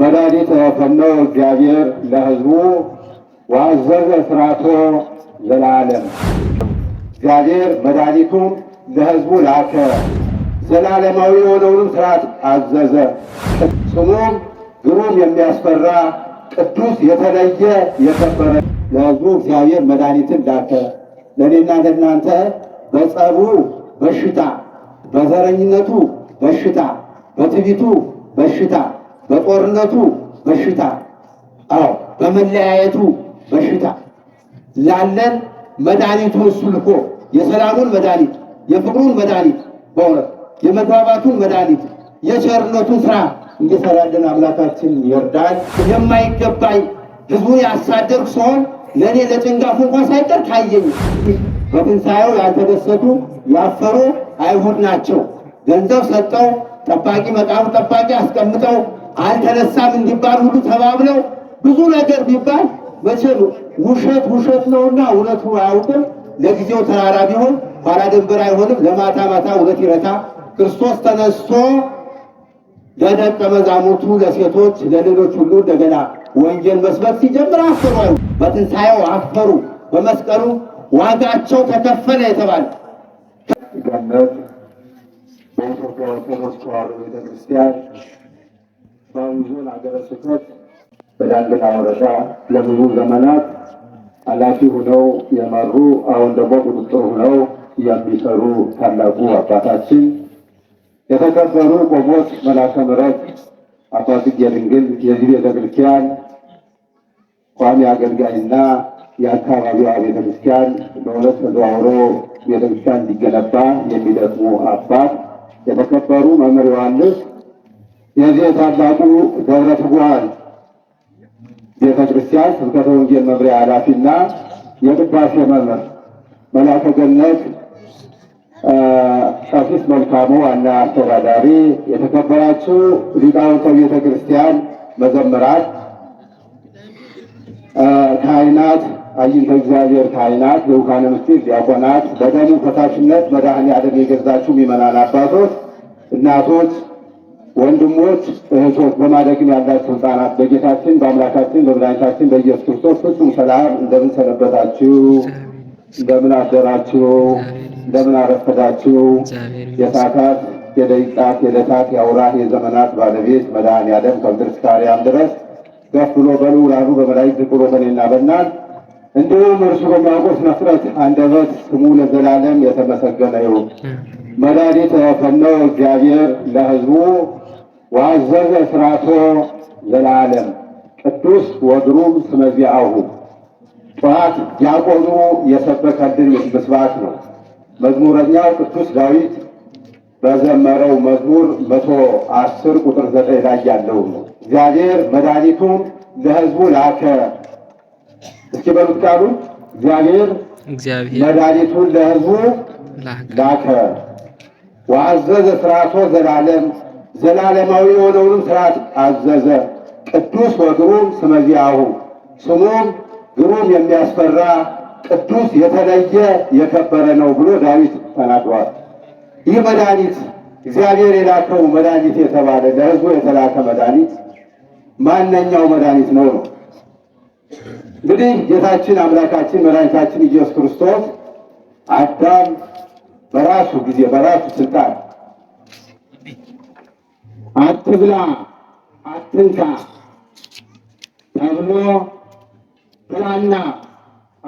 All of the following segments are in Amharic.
መድኃኒት ፈነው እግዚአብሔር ለህዝቡ ዋዘዘ ስራቶ ዘላለም እግዚአብሔር መድኃኒቱን ለህዝቡ ላከ። ዘላለማዊ የሆነውንም ስርዓት አዘዘ። ስሙም ግሩም የሚያስፈራ ቅዱስ የተለየ የከበረ ለሕዝቡ እግዚአብሔር መድኃኒትን ላከ። ለእኔና ለእናንተ በጸቡ በሽታ፣ በዘረኝነቱ በሽታ፣ በትቢቱ በሽታ በጦርነቱ በሽታ፣ አዎ በመለያየቱ በሽታ ላለን መድኃኒቱ እሱ ልኮ የሰላሙን መድኃኒት የፍቅሩን መድኃኒት በእውነት የመግባባቱን መድኃኒት የቸርነቱን ስራ እንዲሰራልን አምላካችን ይርዳል። የማይገባኝ ህዝቡን ያሳደርኩ ሲሆን ለእኔ ለጭንጋፉ እንኳን ሳይቀር ታየኝ። በትንሣኤው ያልተደሰቱ ያፈሩ አይሁድ ናቸው። ገንዘብ ሰጠው ጠባቂ መቃብር ጠባቂ አስቀምጠው አልተነሳም እንዲባል ሁሉ ተባብለው ብዙ ነገር ቢባል መቼም ውሸት ውሸት ነውና እውነቱ አያውቅም። ለጊዜው ተራራ ቢሆን ኋላ ድንበር አይሆንም። ለማታ ማታ እውነት ይረታ። ክርስቶስ ተነስቶ ለደቀ መዛሙርቱ፣ ለሴቶች፣ ለሌሎች ሁሉ እንደገና ወንጌል መስበክ ሲጀምር አፈሩ። በትንሣኤው አፈሩ። በመስቀሉ ዋጋቸው ተከፈለ የተባለ ገነት በኢትዮጵያ ኦርቶዶክስ ተዋሕዶ ቤተክርስቲያን በአዊ ሀገረ ስብከት በዳንግላ ወረዳ ለብዙ ዘመናት ኃላፊ ሁነው የመሩ አሁን ደግሞ ቁጥጥር ሁነው የሚሰሩ ታላቁ አባታችን የተከበሩ ቆሞት መላከ ምሕረት አቶ ጽጌ ድንግል የዚህ ቤተክርስቲያን ቋሚ አገልጋይና የአካባቢዋ ቤተክርስቲያን በሁለት ተዘዋውሮ ቤተክርስቲያን እንዲገነባ የሚደክሙ አባት የተከበሩ መምህር ዮሐንስ የዚህ ታላቁ ደብረ ትጉሃን ቤተ ክርስቲያን ስብከተ ወንጌል መምሪያ ኃላፊና የቅዳሴ መምህር መላከ ገነት ቀሲስ መልካሙ ዋና አስተዳዳሪ፣ የተከበራችሁ ሊቃውንተ ቤተ ክርስቲያን መዘምራት፣ ካህናት፣ አይንተ እግዚአብሔር ካህናት፣ ልዑካነ ምስጢር ዲያቆናት፣ በደሙ ፈሳሽነት መድኃኔ ዓለም የገዛችሁ ምእመናን አባቶች፣ እናቶች ወንድሞች እህቶች፣ በማደግም ያላችሁ ሕፃናት በጌታችን በአምላካችን በመድኃኒታችን በኢየሱስ ክርስቶስ ፍጹም ሰላም እንደምን ሰነበታችሁ? እንደምን አደራችሁ? እንደምን አረፈዳችሁ? የሰዓታት የደቂቃት የዕለታት የአውራት፣ የዘመናት ባለቤት መድኃኔ ዓለም ከምድር እስከ አርያም ድረስ ከፍ ብሎ በልዑላኑ በመላእክት ዝቅ ብሎ በእኔና በእናንተ እንዲሁም እርሱ በሚያውቀው መፍረት አንደበት ስሙ ለዘላለም የተመሰገነ ይሁን። መድኃኒተ ፈነወ እግዚአብሔር ለህዝቡ። ወአዘዘ ስራቶ ዘላለም ቅዱስ ወግሩም ስመዚአሁ ጠዋት ዲያቆኑ የሰበከልን ምስባክ ነው። መዝሙረኛው ቅዱስ ዳዊት በዘመረው መዝሙር መቶ አስር ቁጥር ዘጠኝ ላይ ያለው ነው። እግዚአብሔር መድኃኒቱን ለህዝቡ ላከ። እስኪ በሉት ቃሉ እግዚአብሔር መድኃኒቱን ለሕዝቡ ላከ። ወአዘዘ ስራቶ ዘላለም ዘላለማዊ የሆነውንም ሥርዓት አዘዘ። ቅዱስ ወግሩም ስመዚያሁ ስሙም ግሩም የሚያስፈራ ቅዱስ የተለየ የከበረ ነው ብሎ ዳዊት ተናግሯል። ይህ መድኃኒት እግዚአብሔር የላከው መድኃኒት የተባለ ለህዝቡ የተላከ መድኃኒት ማንኛው መድኃኒት ነው ነው እንግዲህ ጌታችን አምላካችን መድኃኒታችን ኢየሱስ ክርስቶስ አዳም በራሱ ጊዜ በራሱ ስልጣን አትብላ፣ አትንካ ተብሎ ብላና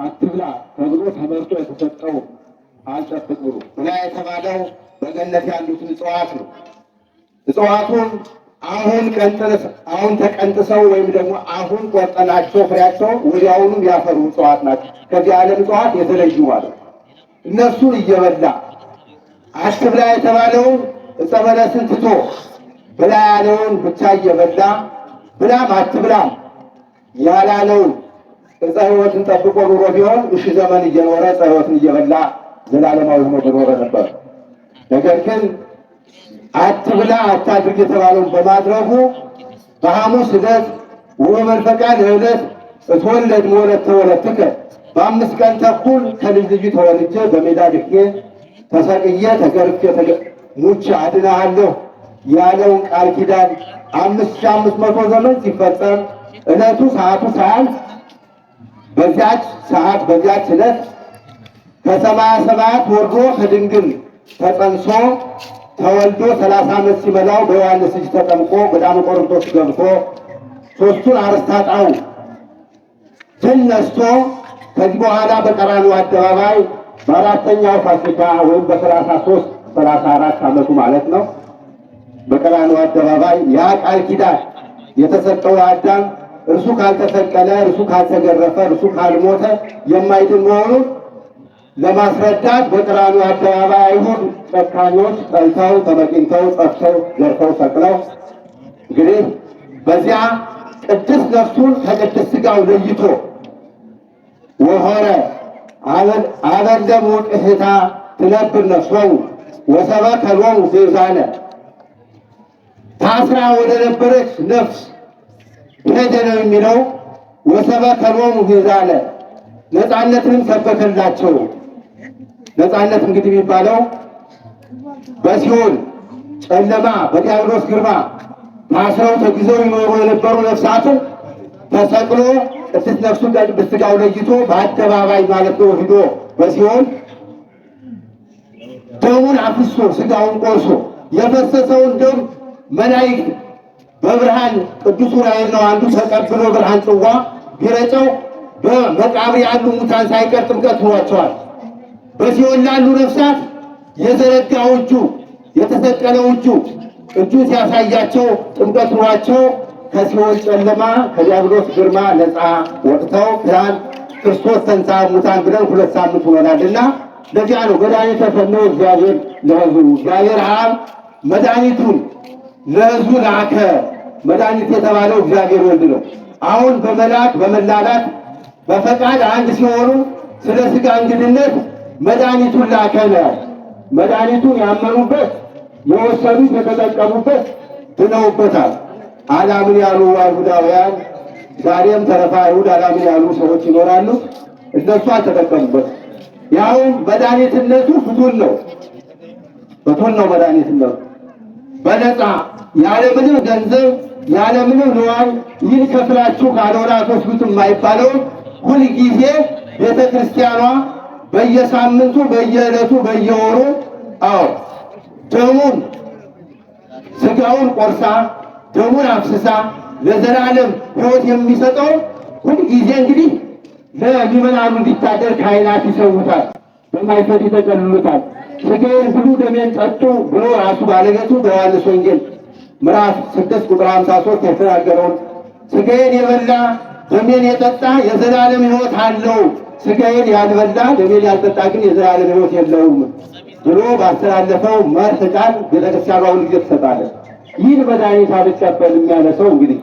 አትብላ ተብሎ ተመርጦ የተሰጠው አልጠብቅ ብሎ ብላ የተባለው በገነት ያሉትን እጽዋት ነው። እጽዋቱን አሁን ቀንጥስ አሁን ተቀንጥሰው ወይም ደግሞ አሁን ቆርጠናቸው ፍሬያቸው ወዲያውኑም ያፈሩ እጽዋት ናቸው። ከዚህ ዓለም እጽዋት የተለዩ ማለት እነሱን እየበላ አትብላ የተባለው እጸ ትቶ ብላ ያለውን ብቻ እየበላ ብላም አትብላም ያላለውን እፀ ሕይወትን ጠብቆ ኑሮ ቢሆን እሺ ዘመን እየኖረ እፀ ሕይወትን እየበላ ዘላለማዊ ሆኖ በኖረ ነበር። ነገር ግን አትብላ አታድርግ የተባለውን በማድረጉ በሐሙስ ዕለት ፈቃድ ዕለት እትወለድ መወለድ ተወለድከ በአምስት ቀን ተኩል ከልጅ ልጅ ተወልጄ በሜዳ ድቄ ተሰቅዬ ተገርፌ ሙቼ አድናሃለሁ ያለውን ቃል ኪዳን አምስት ሺህ አምስት መቶ ዘመን ሲፈጸም እለቱ ሰዓቱ ሳያልፍ በዚያች ሰዓት በዚያች እለት ከሰማያ ሰማያት ወርዶ ከድንግል ተጸንሶ ተወልዶ ሰላሳ ዓመት ሲመላው በዮሐንስ እጅ ተጠምቆ ገዳመ ቆሮንቶስ ገብቶ ሦስቱን አርእስተ ኃጣውእ ድል ነስቶ ከዚህ በኋላ በቀራንዮ አደባባይ በአራተኛው ፋሲካ ወይም በሰላሳ ሦስት ሰላሳ አራት ዓመቱ ማለት ነው በቀራንዮ አደባባይ ያ ቃል ኪዳን የተሰጠው አዳም እርሱ ካልተሰቀለ፣ እርሱ ካልተገረፈ፣ እርሱ ካልሞተ የማይድን መሆኑን ለማስረዳት በቀራንዮ አደባባይ አይሁድ ጨካኞች ጠልተው ተመቂኝተው ጸፍተው ገርፈው ሰቅለው እንግዲህ በዚያ ቅድስ ነፍሱን ከቅድስ ሥጋው ለይቶ ወሆረ አበል ደሙ ቅህታ ትነብር ነፍሶሙ ወሰበከ ሎሙ ቤዛነ ታስራ ወደ ነበረች ነፍስ ሄደ ነው የሚለው። ወሰበከሎሙ ቤዛነ ነፃነትን ሰበከላቸው። ነፃነት እንግዲህ የሚባለው በሲኦል ጨለማ በዲያብሎስ ግርማ ታስረው ተጊዘው ይኖሩ የነበሩ ነፍሳትን ተሰቅሎ ቅድስት ነፍሱን ከቅድስት ሥጋው ለይቶ በአደባባይ ማለት ነው ሂዶ በሲኦል ደሙን አፍሶ ስጋውን ቆርሶ የፈሰሰውን ደም መላይክ በብርሃን ቅዱስ ዑራኤል ነው አንዱ ተቀብሎ ብርሃን ጽዋ ቢረጨው በመቃብር ያሉ ሙታን ሳይቀር ጥምቀት ሆኗቸዋል። በሲኦል ላሉ ነፍሳት የዘረጋው እጁ የተሰቀለው እጁ እጁ ሲያሳያቸው ጥምቀት ሆኗቸው ከሲኦል ጨለማ ከዲያብሎስ ግርማ ነፃ ወጥተው ብርሃን ክርስቶስ ተንሥአ እሙታን ብለን ሁለት ሳምንት ሆኖናልና ለዚያ ነው መድኃኒተ ፈነወ እግዚአብሔር ለሕዝቡ እግዚአብሔር አብ መድኃኒቱን ለህዝቡ ላከ። መድኃኒት የተባለው እግዚአብሔር ወልድ ነው። አሁን በመላክ በመላላት በፈቃድ አንድ ሲሆኑ ስለ ሥጋ እንግድነት መድኃኒቱን ላከ ነው። መድኃኒቱን ያመኑበት የወሰዱት የተጠቀሙበት ብለውበታል። አላምን ያሉ አይሁዳውያን ዛሬም ተረፋ አይሁድ አላምን ያሉ ሰዎች ይኖራሉ። እነሱ አልተጠቀሙበት። ያውም መድኃኒትነቱ ፍቱን ነው። ፍቱን ነው መድኃኒትነቱ በነፃ ያለምንም ገንዘብ ያለምንም ንዋይ ይህን ከፍላችሁ ካልሆናችሁ ፊት የማይባለው ሁልጊዜ ቤተ ክርስቲያኗ በየሳምንቱ በየዕለቱ በየወሩ አዎ ደሙን ስጋውን ቆርሳ ደሙን አፍስሳ ለዘላለም ሕይወት የሚሰጠው ሁልጊዜ እንግዲህ ለሚመናኑ እንዲታደር ካህናት ይሰውታል፣ በማይፈት ይተቀልሉታል። ስጋዬን ብሉ ደሜን ጠጡ ብሎ ራሱ ባለቤቱ በዮሐንስ ወንጌል ምዕራፍ ስድስት ቁጥር ሀምሳ ሶስት የተናገረውን ስጋዬን የበላ ደሜን የጠጣ የዘላለም ሕይወት አለው፣ ስጋዬን ያልበላ ደሜን ያልጠጣ ግን የዘላለም ሕይወት የለውም ብሎ ባስተላለፈው መርህ ቃል ቤተክርስቲያን አሁን ጊዜ ትሰጣለች። ይህን መድኃኒት አልቀበልም ያለ ሰው እንግዲህ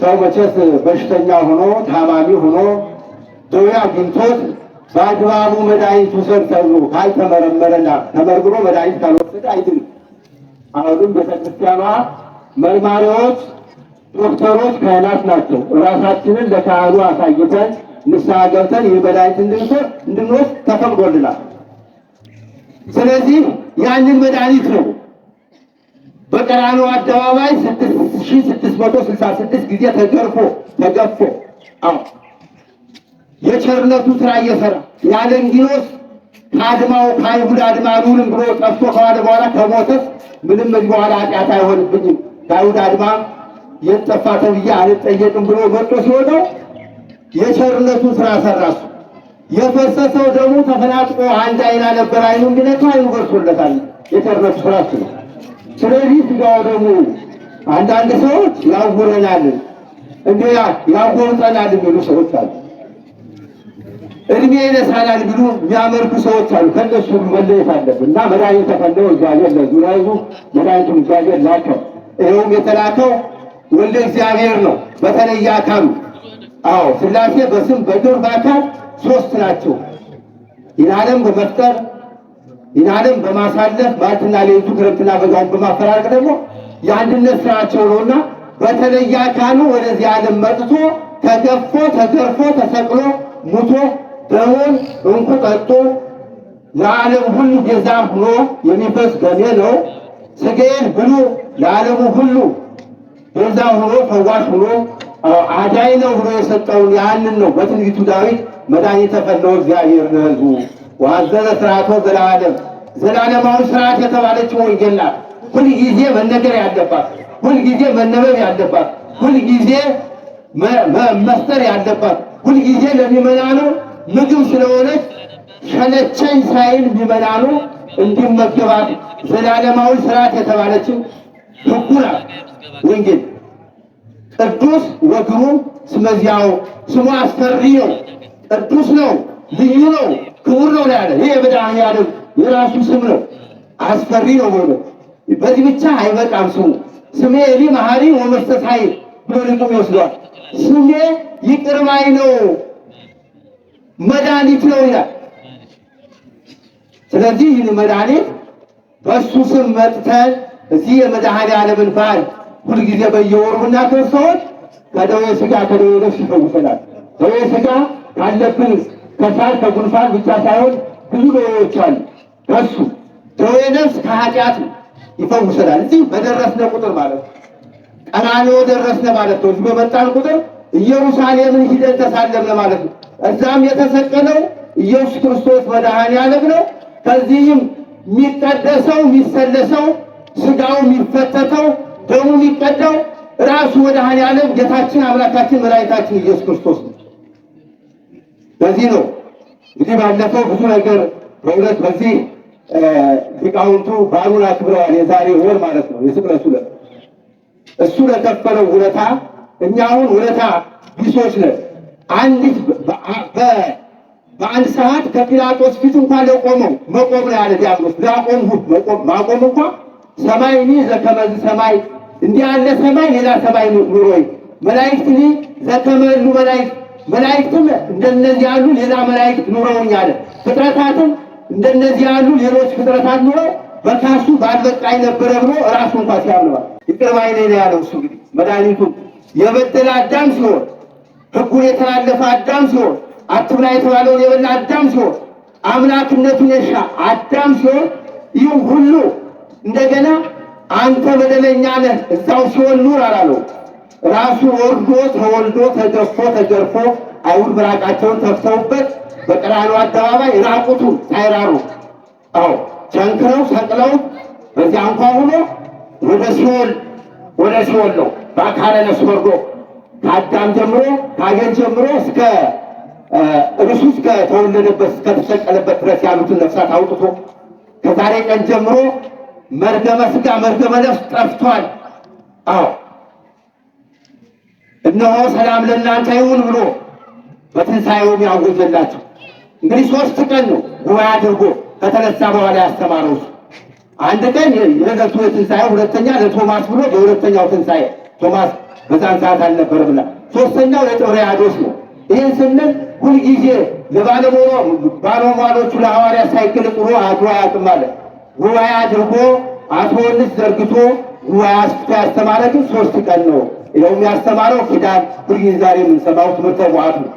ሰው መቼስ በሽተኛ ሆኖ ታማሚ ሆኖ ደዌ አግኝቶት በአግባቡ መድኃኒት ውሰድ ተብሎ ካልተመረመረና ተመርምሮ መድኃኒት ካልወሰደ አይድንም። አሁንም ቤተክርስቲያኗ መርማሪዎች፣ ዶክተሮች፣ ካህናት ናቸው። እራሳችንን ለካህኑ አሳይተን ንስሐ ገብተን ይህ መድኃኒት እንድንወስድ ተፈቅዶልናል። ስለዚህ ያንን መድኃኒት ነው በቀራኑ አደባባይ 6666 ጊዜ ተገርፎ ተገፎ አዎ የቸርነቱ ስራ እየሰራ ያለ እንጊኖስ ከአድማው ከአይሁድ አድማ ሉንም ብሎ ጠፍቶ ከዋለ በኋላ ከሞተ ምንም እዚህ በኋላ ኃጢአት አይሆንብኝም ከአይሁድ አድማ የት ጠፋ ተብዬ አልጠየቅም ብሎ መጦ ሲሆነው የቸርነቱ ስራ ሰራሱ። የፈሰሰው ደግሞ ተፈናጥቆ አንድ አይና ነበር አይኑ እንዲነካ አይኑ በርሶለታል። የቸርነቱ ስራሱ ነው። ስለዚህ ስጋው ደግሞ አንዳንድ ሰዎች ያጎረናል እንዲያ ያጎርጠናል የሚሉ ሰዎች አሉ። እድሜ ይነሳናል ብሎ የሚያመልኩ ሰዎች አሉ። ከነሱ መለየት አለብን እና መድኃኒት እግዚአብሔር መድኃኒቱን እግዚአብሔር ላከው። ይኸውም የተላከው ወልደ እግዚአብሔር ነው። በተለየ አካሉ አዎ፣ በስም በግብር በአካል ሶስት ናቸው። ይህን በመፍጠር ይህን በማሳለፍ ማለትና ሌሊቱ ክረምትና በጋውን በማፈራረቅ ደግሞ የአንድነት ስራቸው ነውና በተለየ አካሉ ወደዚህ ዓለም መጥቶ ተገፎ ተገርፎ ተሰቅሎ ሙቶ ደሙን እንኩ ጠጡ ለዓለም ሁሉ ቤዛ ሆኖ የሚፈስ ገሜ ነው። ሥጋዬን ብሉ ለዓለሙ ሁሉ ቤዛ ሆኖ ፈዋሽ ሆኖ አዳይ ነው ብሎ የሰጠውን ያንን ነው በትንቢቱ ዳዊት መድኃኒተ የተፈለው እግዚአብሔር ለሕዝቡ ዋዘዘ ሥርዓቶ ዘለዓለም ዘላለማዊ ስርዓት የተባለችው ወንጌል ናት። ሁልጊዜ መነገር ያለባት፣ ሁልጊዜ መነበብ ያለባት፣ ሁልጊዜ መስጠር ያለባት፣ ሁልጊዜ ለሚመናኑ ምግብ ስለሆነች ሰለቸኝ ሳይል ቢበላሉ እንዲመገባት ዘላለማዊ ስርዓት የተባለችው ህጉና ወንጌል ቅዱስ ወግሩ ስመዚያው ስሙ አስፈሪ ነው፣ ቅዱስ ነው፣ ልዩ ነው፣ ክቡር ነው ያለ ይሄ ይህ የመድኃኔዓለም የራሱ ስም ነው። አስፈሪ ነው ብሎ በዚህ ብቻ አይበቃም። ስሙ ስሜ እሊ መሐሪ ወመስተሳይ ብሎ ልቁም ይወስደዋል። ስሜ ይቅር ነው መድኃኒት ነው ይላል። ስለዚህ ይህን መድኃኒት በእሱ ስም መጥተን እዚህ የመድኃኔ ዓለምን በዓል ሁልጊዜ በየወሩ እናከብር። ሰዎች ከደዌ ሥጋ ከደዌ ነፍስ ይፈውሰናል። ደዌ ስጋ ካለብን ከሳል ከጉንፋን ብቻ ሳይሆን ብዙ ደዌዎች አሉ። በሱ ደዌ ነፍስ ከኃጢአት ይፈውሰናል። እዚህ በደረስነ ቁጥር ማለት ነው ቀራንዮ ደረስነ ማለት ነው። እዚህ በመጣን ቁጥር ኢየሩሳሌምን ሂደን ተሳለምነ ማለት ነው። እዛም የተሰቀለው ኢየሱስ ክርስቶስ መድኃኔዓለም ነው። ከዚህም የሚቀደሰው የሚሰለሰው ስጋው የሚፈተተው ደሙ የሚቀዳው ራሱ መድኃኔዓለም ጌታችን አምላካችን መድኃኒታችን ኢየሱስ ክርስቶስ ነው። በዚህ ነው እንግዲህ ባለፈው ብዙ ነገር በእውነት በዚህ ሊቃውንቱ በዓሉን አክብረዋል። የዛሬ ወር ማለት ነው የስቅለቱ ዕለት እሱ ለከፈለው ውለታ እኛ አሁን ውለታ ቢሶች ነን። አንዲት በአንድ ሰዓት ከጲላጦስ ፊት እንኳን ለቆመው መቆም ነው ያለ ዲያብሎስ ላቆምሁ ማቆም እንኳ ሰማይ ኒ ዘከመዝ ሰማይ እንዲህ ያለ ሰማይ ሌላ ሰማይ ኑሮይ መላእክት ኒ ዘከመሉ መላእክት መላእክትም እንደነዚህ ያሉ ሌላ መላእክት ኑረውኝ አለ። ፍጥረታትም እንደነዚህ ያሉ ሌሎች ፍጥረታት ኑሮ በካሱ ባልበቃኝ ነበረ ብሎ ራሱ እንኳ ሲያምነዋል። ይቅር ባይ ነው ያለው። እሱ እንግዲህ መድኃኒቱ የበደለ አዳም ሲሆን ሕጉ የተላለፈ አዳም ሲሆን አትብላ የተባለውን የበላ አዳም ሲሆን አምላክነቱን የሻ አዳም ሲሆን ይህ ሁሉ እንደገና አንተ በደለኛ ነህ እዛው ሲሆን ኑር አላለው። ራሱ ወርዶ ተወልዶ ተገፎ ተገርፎ አይሁድ ምራቃቸውን ተፍተውበት በቅራኑ አደባባይ ራቁቱ ሳይራሩ አዎ ቸንክረው ሰቅለው በዚያ እንኳ ሆኖ ወደ ሲኦል ወደ ሲኦል ነው በአካለ ነፍስ ወርዶ ከአዳም ጀምሮ ከአገር ጀምሮ እስከ እርሱ እስከ ተወለደበት እስከተሰቀለበት ድረስ ያሉትን ነፍሳት አውጥቶ ከዛሬ ቀን ጀምሮ መርገመ ስጋ መርገመ ነፍስ ጠፍቷል። አዎ እነሆ ሰላም ለእናንተ ይሁን ብሎ በትንሣኤውም ያወጀላቸው። እንግዲህ ሶስት ቀን ነው ጉባኤ አድርጎ ከተነሳ በኋላ ያስተማረው እሱ። አንድ ቀን የዕለቱ የትንሣኤው፣ ሁለተኛ ለቶማስ ብሎ የሁለተኛው ትንሣኤ ቶማስ በዛን ሰዓት አልነበረም እና ሶስተኛው ለጦሪያዶስ ነው። ይህን ስንል ሁልጊዜ ለባለሞሮ ባለሟሎቹ ለሐዋርያት ሳይክል ጥሩ አድሮ አያውቅም አለ ጉባኤ አድርጎ አቶንስ ዘርግቶ ጉባኤ አስፍቶ ያስተማረ ግን ሶስት ቀን ነው። ይኸውም ያስተማረው ኪዳን ሁልጊዜ ዛሬ የምንሰማው ትምህርተ ቡዓቱ ነው።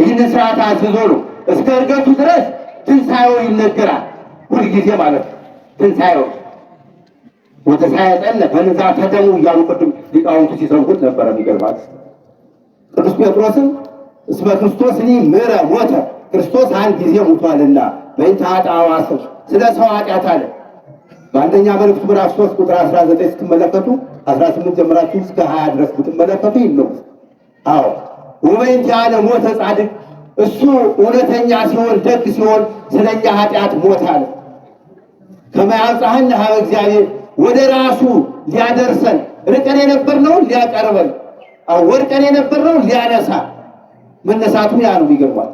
ይህንን ስርዓት አዝዞ ነው እስከ እርገቱ ድረስ ትንሣኤው ይነገራል። ሁልጊዜ ማለት ነው ትንሣኤው መንፈሳዊ ጠለ ተደሙ እያሉ ቅድም ሊቃውንቱ ሲሰብኩት ነበረ። የሚገርባት ቅዱስ ጴጥሮስም እስመ ክርስቶስ እኔ ምረ ሞተ ክርስቶስ አንድ ጊዜ ሙቷልና በይታ ስለ ሰው ኃጢአት አለ። በአንደኛ መልእክቱ ምዕራፍ 3 ቁጥር 19 ስትመለከቱ 18 ጀምራችሁ እስከ 20 ድረስ ብትመለከቱ ይመስ አዎ ወበይንቲ ያለ ሞተ ጻድቅ እሱ እውነተኛ ሲሆን ደግ ሲሆን ስለኛ ኃጢአት ሞት አለ ሀበ እግዚአብሔር ወደ ራሱ ሊያደርሰን፣ ርቀን የነበርነውን ሊያቀርበን፣ ወድቀን የነበርነውን ሊያነሳ መነሳቱ ያ ነው የሚገባል።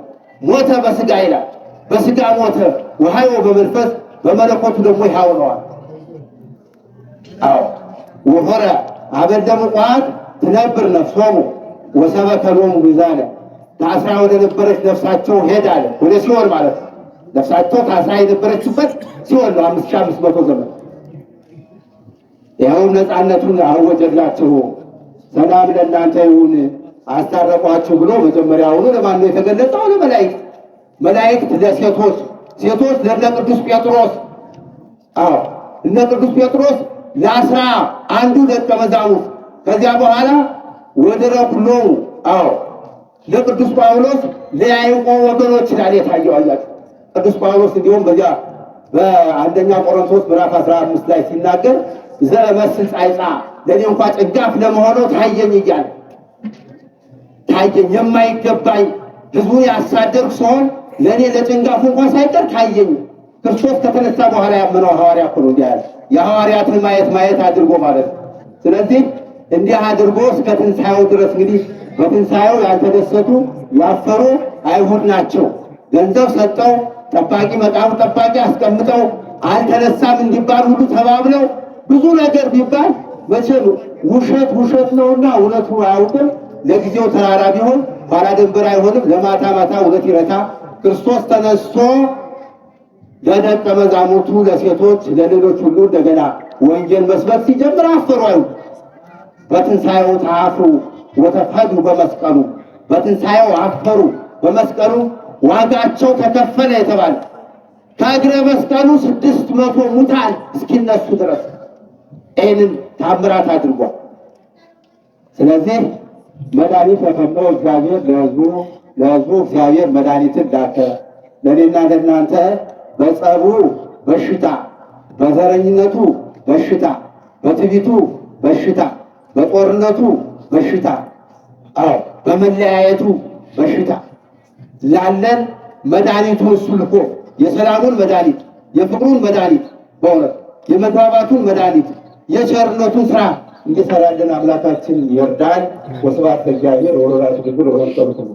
ሞተ በስጋ ይላል። በስጋ ሞተ ወሐይዎ በመንፈስ በመለኮቱ ደግሞ ይሃው ነዋል። አዎ ወሆረ አበል ደሙ ቋት ትነብር ነፍሶሙ ወሰበከ ሎሙ ሚዛነ ታስራ ወደ ነበረች ነፍሳቸው ሄዳለ። ወደ ሲኦል ማለት ነፍሳቸው ታስራ የነበረችበት ሲኦል ነው። አምስት ሺህ አምስት መቶ ዘመን ያው ነፃነቱን አወጀላችሁ፣ ሰላም ለእናንተ ይሁን አስታረቋችሁ ብሎ መጀመሪያውኑ ለማን ነው የተገለጠው? ለመላእክት። መላእክት ለሴቶች፣ ሴቶች ለእነ ቅዱስ ጴጥሮስ። አዎ እነ ቅዱስ ጴጥሮስ ለአስራ አንዱ ደቀ መዛሙርት ከዚያ በኋላ ወደ ኩሎ አዎ ለቅዱስ ጳውሎስ ለያይቆ ወገኖች ላል የታየው አያቸው ቅዱስ ጳውሎስ እንዲሁም በዚያ በአንደኛ ቆሮንቶስ ምዕራፍ አስራ አምስት ላይ ሲናገር ዘመስል ጻይጻ ለእኔ እንኳ ጭጋፍ ለመሆኑ ታየኝ እያለ ታየኝ። የማይገባኝ ህዝቡን ያሳደርኩ ሲሆን ለእኔ ለጭንጋፉ እንኳ ሳይቀር ታየኝ። ክርስቶስ ከተነሳ በኋላ ያመነው ሐዋርያ እኮ ነው። እንዲህ ያለ የሐዋርያትን ማየት ማየት አድርጎ ማለት ነው። ስለዚህ እንዲህ አድርጎ እስከ ትንሣኤው ድረስ እንግዲህ በትንሣኤው ያልተደሰቱ ያፈሩ አይሁድ ናቸው። ገንዘብ ሰጠው፣ ጠባቂ መቃብር ጠባቂ አስቀምጠው አልተነሳም እንዲባል ሁሉ ተባብለው ብዙ ነገር ቢባል መቼም ውሸት ውሸት ነውና እውነቱ አያውቅም። ለጊዜው ተራራ ቢሆን ኋላ ድንበር አይሆንም። ለማታ ማታ እውነት ይረታ። ክርስቶስ ተነስቶ ለደቀ መዛሙርቱ ለሴቶች፣ ለሌሎች ሁሉ እንደገና ወንጌል መስበክ ሲጀምር አፈሯል። አይሁድ። በትንሣኤው ተአፍሩ ወተፈዱ በመስቀሉ በትንሣኤው አፈሩ። በመስቀሉ ዋጋቸው ተከፈለ የተባለ ከእግረ መስቀሉ ስድስት መቶ ሙታን እስኪነሱ ድረስ ይህንን ታምራት አድርጓል። ስለዚህ መድኃኒት ለፈኖ እግዚአብሔር ለህዝቡ ለህዝቡ እግዚአብሔር መድኃኒትን ላከ። ለእኔና ለእናንተ በጸቡ በሽታ፣ በዘረኝነቱ በሽታ፣ በትቢቱ በሽታ፣ በጦርነቱ በሽታ፣ አዎ በመለያየቱ በሽታ ላለን መድኃኒቱ እሱ ልኮ የሰላሙን መድኃኒት፣ የፍቅሩን መድኃኒት፣ በእውነት የመግባባቱን መድኃኒት የቸርነቱ ስራ እንዲሰራልን አምላካችን ይርዳል። ወስብሐት ለእግዚአብሔር ወለወላዲቱ ድንግል ወለመስቀሉ